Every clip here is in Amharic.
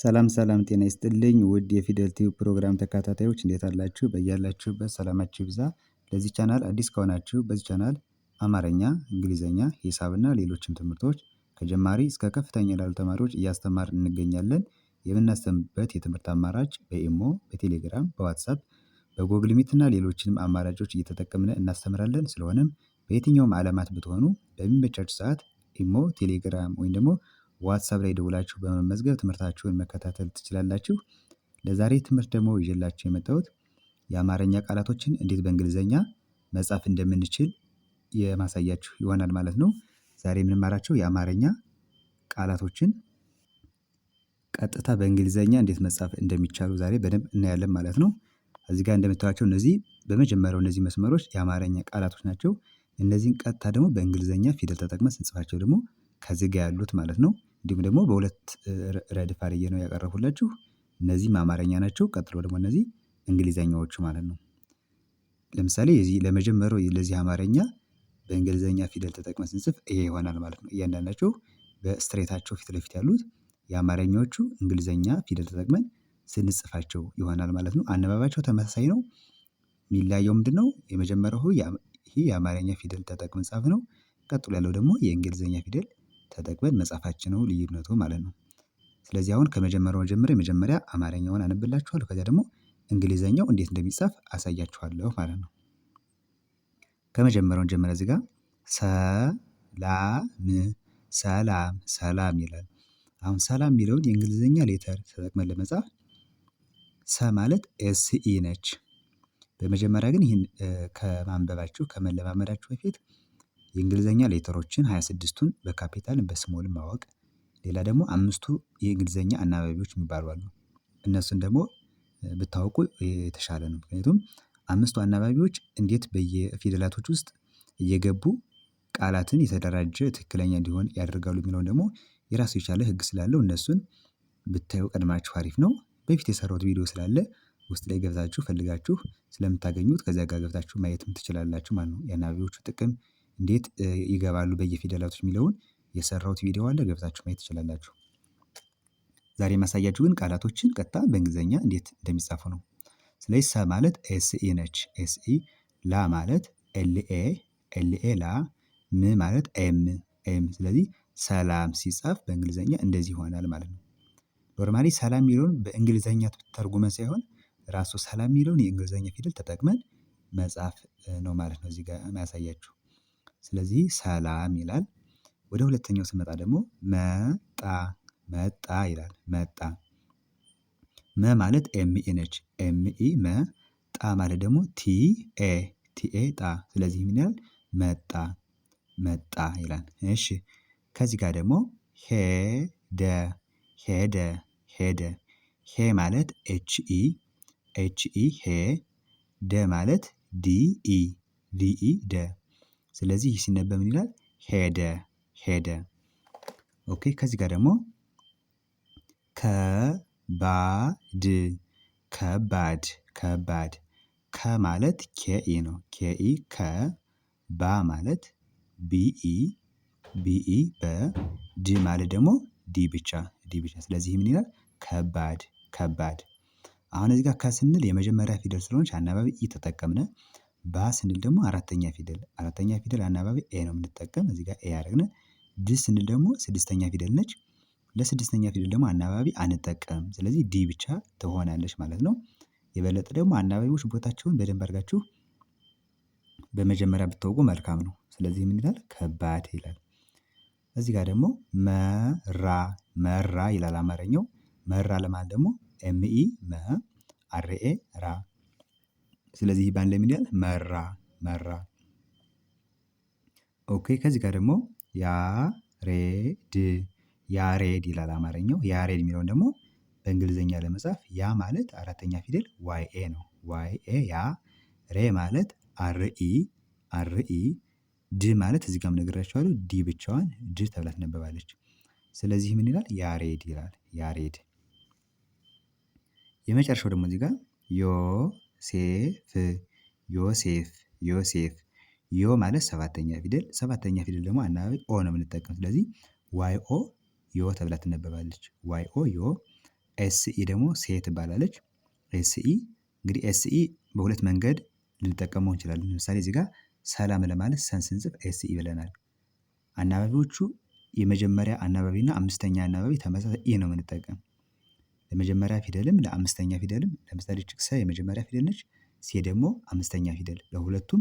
ሰላም ሰላም ጤና ይስጥልኝ ውድ የፊደል ቲዩብ ፕሮግራም ተከታታዮች እንዴት አላችሁ በያላችሁበት ሰላማችሁ ይብዛ። ለዚህ ቻናል አዲስ ከሆናችሁ በዚህ ቻናል አማርኛ እንግሊዘኛ ሂሳብና ሌሎችም ትምህርቶች ከጀማሪ እስከ ከፍተኛ ላሉ ተማሪዎች እያስተማር እንገኛለን። የምናስተምርበት የትምህርት አማራጭ በኢሞ በቴሌግራም በዋትሳፕ በጎግል ሚት ሌሎችንም አማራጮች እየተጠቀምን እናስተምራለን። ስለሆነም በየትኛውም ዓለማት ብትሆኑ በሚመቻችሁ ሰዓት ኢሞ ቴሌግራም ወይም ደግሞ ዋትሳፕ ላይ ደውላችሁ በመመዝገብ ትምህርታችሁን መከታተል ትችላላችሁ። ለዛሬ ትምህርት ደግሞ ይዤላችሁ የመጣሁት የአማርኛ ቃላቶችን እንዴት በእንግሊዘኛ መጻፍ እንደምንችል የማሳያችሁ ይሆናል ማለት ነው። ዛሬ የምንማራቸው የአማርኛ ቃላቶችን ቀጥታ በእንግሊዘኛ እንዴት መጻፍ እንደሚቻሉ ዛሬ በደንብ እናያለን ማለት ነው። እዚህ ጋር እንደምታዩቸው እነዚህ በመጀመሪያው እነዚህ መስመሮች የአማርኛ ቃላቶች ናቸው። እነዚህን ቀጥታ ደግሞ በእንግሊዘኛ ፊደል ተጠቅመን ስንጽፋቸው ደግሞ ከዚህ ጋር ያሉት ማለት ነው። እንዲሁም ደግሞ በሁለት ረድፍ አድርጌ ነው ያቀረብኩላችሁ እነዚህም አማርኛ ናቸው ቀጥሎ ደግሞ እነዚህ እንግሊዘኛዎቹ ማለት ነው። ለምሳሌ የዚህ ለመጀመሪያው ለዚህ አማርኛ በእንግሊዘኛ ፊደል ተጠቅመን ስንጽፍ ይሄ ይሆናል ማለት ነው። እያንዳንዳቸው በስትሬታቸው ፊት ለፊት ያሉት የአማርኛዎቹ እንግሊዘኛ ፊደል ተጠቅመን ስንጽፋቸው ይሆናል ማለት ነው። አነባባቸው ተመሳሳይ ነው። የሚለያየው ምንድነው? የመጀመሪያው ይሄ የአማርኛ ፊደል ተጠቅመን ነው። ቀጥሎ ያለው ደግሞ የእንግሊዘኛ ፊደል ተጠቅመን መጻፋችን ነው ልዩነቱ ማለት ነው። ስለዚህ አሁን ከመጀመሪያው ጀምሬ የመጀመሪያ አማርኛውን አነብላችኋለሁ ከዛ ደግሞ እንግሊዘኛው እንዴት እንደሚጻፍ አሳያችኋለሁ ማለት ነው። ከመጀመሪያው ጀምረ እዚህ ጋር ሰላም ሰላም ሰላም ይላል። አሁን ሰላም የሚለውን የእንግሊዘኛ ሌተር ተጠቅመን ለመጻፍ ሰ ማለት ኤስኢ ነች። በመጀመሪያ ግን ይህን ከማንበባችሁ ከመለማመዳችሁ በፊት የእንግሊዘኛ ሌተሮችን 26ቱን በካፒታል በስሞል ማወቅ። ሌላ ደግሞ አምስቱ የእንግሊዘኛ አናባቢዎች የሚባሉ አሉ። እነሱን ደግሞ ብታወቁ የተሻለ ነው። ምክንያቱም አምስቱ አናባቢዎች እንዴት በየፊደላቶች ውስጥ እየገቡ ቃላትን የተደራጀ ትክክለኛ እንዲሆን ያደርጋሉ የሚለውን ደግሞ የራሱ የቻለ ህግ ስላለው እነሱን ብታዩ ቀድማችሁ አሪፍ ነው። በፊት የሰራሁት ቪዲዮ ስላለ ውስጥ ላይ ገብታችሁ ፈልጋችሁ ስለምታገኙት ከዚያ ጋር ገብታችሁ ማየትም ትችላላችሁ ማለት ነው። የአናባቢዎቹ ጥቅም እንዴት ይገባሉ በየፊደላቶች የሚለውን የሰራሁት ቪዲዮ አለ ገብታችሁ ማየት ትችላላችሁ። ዛሬ ማሳያችሁ ግን ቃላቶችን ቀጥታ በእንግሊዝኛ እንዴት እንደሚጻፉ ነው። ስለዚህ ሰ ማለት ኤስኢ ነች ኤስኢ፣ ላ ማለት ኤልኤ ኤልኤ ላ፣ ም ማለት ኤም ኤም። ስለዚህ ሰላም ሲጻፍ በእንግሊዝኛ እንደዚህ ይሆናል ማለት ነው። ኖርማሊ ሰላም የሚለውን በእንግሊዝኛ ተርጉመ ሳይሆን ራሱ ሰላም የሚለውን የእንግሊዝኛ ፊደል ተጠቅመን መጻፍ ነው ማለት ነው። እዚህ ጋር ማያሳያችሁ ስለዚህ ሰላም ይላል። ወደ ሁለተኛው ስንመጣ ደግሞ መጣ መጣ ይላል መጣ መ ማለት ኤምኢ ነች ኤምኢ መ ጣ ማለት ደግሞ ቲኤ ቲኤ ጣ ስለዚህ ምን ይላል መጣ መጣ ይላል። እሺ ከዚህ ጋር ደግሞ ሄደ ሄደ ሄደ ሄ ማለት ኤችኢ ኤችኢ ሄ ደ ማለት ዲኢ ዲኢ ደ ስለዚህ ይህ ሲነበብ ምን ይላል? ሄደ ሄደ። ኦኬ ከዚህ ጋር ደግሞ ከባድ ከባድ ከባድ ከ ማለት ኢ ነው። ኬኢ ከ ባ ማለት ቢኢ ኢ በ ድ ማለት ደግሞ ዲ ብቻ ዲ ብቻ። ስለዚህ ምን ይላል? ከባድ ከባድ። አሁን እዚህ ጋር ከስንል የመጀመሪያ ፊደል ስለሆነች አናባቢ ኢ ተጠቀምነ ባ ስንል ደግሞ አራተኛ ፊደል አራተኛ ፊደል አናባቢ ኤ ነው የምንጠቀም እዚህ ጋር ኤ አደረግን። ድ ስንል ደግሞ ስድስተኛ ፊደል ነች። ለስድስተኛ ፊደል ደግሞ አናባቢ አንጠቀምም ስለዚህ ዲ ብቻ ትሆናለች ማለት ነው። የበለጠ ደግሞ አናባቢዎች ቦታቸውን በደንብ አድርጋችሁ በመጀመሪያ ብታውቁ መልካም ነው። ስለዚህ ምን ይላል ከባድ ይላል። እዚህ ጋር ደግሞ መራ መራ ይላል አማርኛው መራ ለማለት ደግሞ ኤምኢ መ አርኤ ራ ስለዚህ ባንድ ላይ ምን ይላል? መራ መራ። ኦኬ ከዚህ ጋር ደግሞ ያሬድ ያሬድ ይላል አማርኛው። ያሬድ የሚለውን ደግሞ በእንግሊዝኛ ለመጻፍ ያ ማለት አራተኛ ፊደል ዋይ ኤ ነው። ዋይ ኤ ያ ሬ ማለት አር አርኢ ድ ማለት እዚህ ጋር ነግራችኋለሁ። ዲ ብቻዋን ድ ተብላ ትነበባለች። ስለዚህ ምን ይላል? ያሬድ ይላል። ያሬድ የመጨረሻው ደግሞ እዚህ ጋር ዮ ሴፍ ዮሴፍ ዮሴፍ ዮ ማለት ሰባተኛ ፊደል ሰባተኛ ፊደል ደግሞ አናባቢ ኦ ነው የምንጠቀም። ስለዚህ ዋይ ኦ ዮ ተብላ ትነበባለች። ዋይ ኦ ዮ። ኤስኢ ደግሞ ሴ ትባላለች። ኤስኢ እንግዲህ ኤስኢ በሁለት መንገድ ልንጠቀመው እንችላለን። ለምሳሌ እዚህ ጋር ሰላም ለማለት ሰን ስንጽፍ ኤስኢ ብለናል። አናባቢዎቹ የመጀመሪያ አናባቢና አምስተኛ አናባቢ ተመሳሳይ ኢ ነው የምንጠቀም ለመጀመሪያ ፊደልም ለአምስተኛ ፊደልም ለምሳሌ እቺ የመጀመሪያ ፊደል ነች። ሴ ደግሞ አምስተኛ ፊደል ለሁለቱም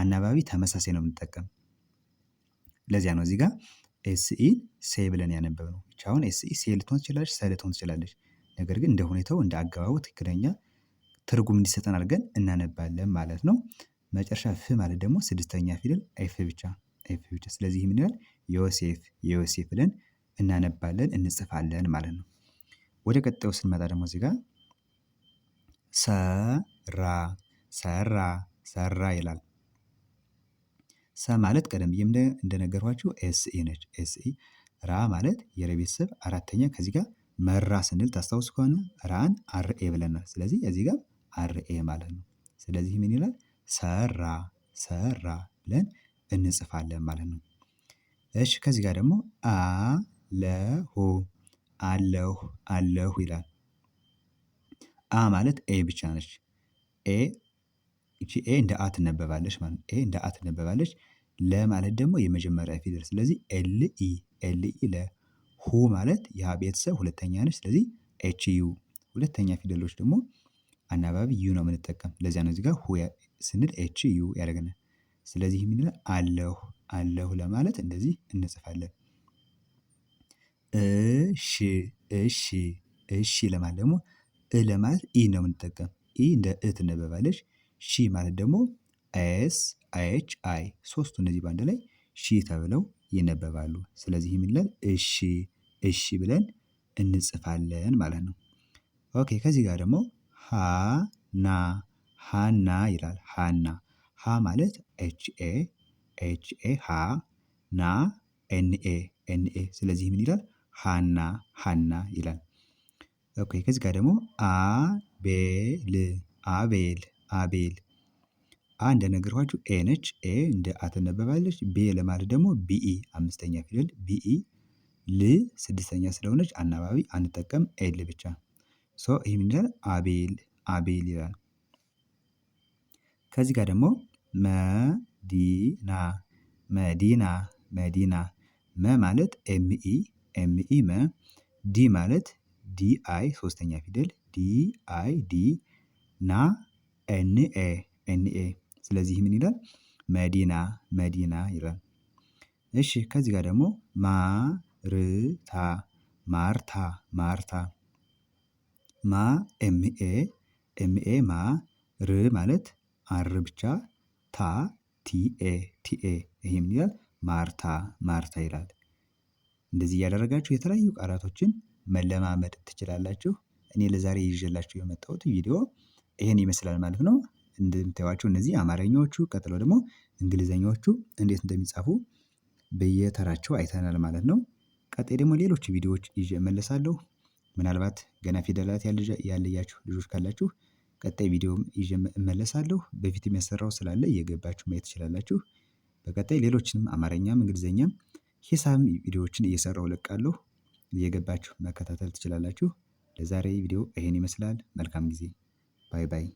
አናባቢ ተመሳሳይ ነው የምንጠቀም። ለዚያ ነው እዚህ ጋር ሴ ብለን ያነበብ እቺ አሁን ኤስኢ ሴ ልትሆን ትችላለች፣ ሰ ልትሆን ትችላለች። ነገር ግን እንደ ሁኔታው እንደ አገባቡ ትክክለኛ ትርጉም እንዲሰጠን አድርገን እናነባለን ማለት ነው። መጨረሻ ፍ ማለት ደግሞ ስድስተኛ ፊደል ኤፍ ብቻ ኤፍ ብቻ። ስለዚህ ምን ይላል? ዮሴፍ ዮሴፍ ብለን እናነባለን እንጽፋለን ማለት ነው። ወደ ቀጣዩ ስንመጣ ደግሞ እዚህ ጋር ሰራ ሰራ ሰራ ይላል። ሰ ማለት ቀደም ብዬ እንደነገርኳችሁ ኤስኢ ነች። ኤስኢ ራ ማለት የረ ቤተሰብ አራተኛ። ከዚህ ጋር መራ ስንል ታስታውስ ከሆነ ራን አርኤ ብለናል። ስለዚህ እዚህ ጋር አርኤ ማለት ነው። ስለዚህ ምን ይላል? ሰራ ሰራ ብለን እንጽፋለን ማለት ነው። እሺ ከዚህ ጋር ደግሞ አለሁ አለሁ አለሁ ይላል። አ ማለት ኤ ብቻ ነች። ኤ ይቺ ኤ እንደ አ ትነበባለች ማለት ኤ እንደ አ ትነበባለች። ለ ማለት ደግሞ የመጀመሪያ ፊደል ስለዚህ ኤል ኢ ኤል ኢ ለ ሁ ማለት ያ ቤተሰብ ሁለተኛ ነች። ስለዚህ ኤች ዩ ሁለተኛ ፊደሎች ደግሞ አናባቢ ዩ ነው የምንጠቀም ለዚያ ነው እዚህ ሁ ስንል ኤች ዩ ያደርገናል። ስለዚህ ምን አለሁ አለሁ ለማለት እንደዚህ እንጽፋለን እሺ እሺ እሺ ለማለት ደግሞ እ ለማለት ኢ ነው የምንጠቀም ኢ እንደ እ ትነበባለች። ሺ ማለት ደግሞ ኤስ ኤች አይ ሶስቱ እነዚህ በአንድ ላይ ሺ ተብለው ይነበባሉ። ስለዚህ ምን ይላል እሺ እሺ ብለን እንጽፋለን ማለት ነው። ኦኬ ከዚህ ጋር ደግሞ ሀ ና ሃና ይላል ሃና ሃ ማለት ኤች ኤ ኤች ኤ ሃ ና ኤን ኤ ኤን ኤ ስለዚህ ምን ይላል ሃና ሃና ይላል። ኦኬ ከዚህ ጋር ደግሞ አቤል አቤል አቤል አ እንደነገርኳችሁ ኤ ነች። ኤ እንደ አ ትነበባለች። ቤ ለማለት ደግሞ ቢኢ አምስተኛ ፊደል ቢኢ ል ስድስተኛ ስለሆነች አናባቢ አንጠቀም ኤል ብቻ ሶ ይህ ምን ይላል? አቤል አቤል ይላል። ከዚህ ጋር ደግሞ መዲና መዲና መዲና መ ማለት ኤምኢ ኤምኢ መ ዲ ማለት ዲ አይ ሶስተኛ ፊደል ዲ አይ ዲ ና ኤንኤ ኤንኤ ስለዚህ ምን ይላል? መዲና መዲና ይላል። እሺ ከዚህ ጋር ደግሞ ማርታ ማርታ ማርታ ማ ኤምኤ ኤምኤ ማ ር ማለት አር ብቻ ታ ቲኤ ቲኤ ይሄ ምን ይላል? ማርታ ማርታ ይላል እንደዚህ እያደረጋችሁ የተለያዩ ቃላቶችን መለማመድ ትችላላችሁ። እኔ ለዛሬ ይዤላችሁ የመጣሁት ቪዲዮ ይህን ይመስላል ማለት ነው። እንደምታዩዋቸው እነዚህ አማርኛዎቹ ቀጥሎ ደግሞ እንግሊዘኛዎቹ እንዴት እንደሚጻፉ በየተራቸው አይተናል ማለት ነው። ቀጣይ ደግሞ ሌሎች ቪዲዮዎች ይዤ እመለሳለሁ። ምናልባት ገና ፊደላት ያለያችሁ ልጆች ካላችሁ ቀጣይ ቪዲዮም ይዤ እመለሳለሁ። በፊት የሚያሰራው ስላለ እየገባችሁ ማየት ትችላላችሁ። በቀጣይ ሌሎችንም አማርኛም እንግሊዘኛም ሂሳብ ቪዲዮዎችን እየሰራሁ እለቃለሁ እየገባችሁ መከታተል ትችላላችሁ። ለዛሬ ቪዲዮ ይሄን ይመስላል መልካም ጊዜ። ባይ ባይ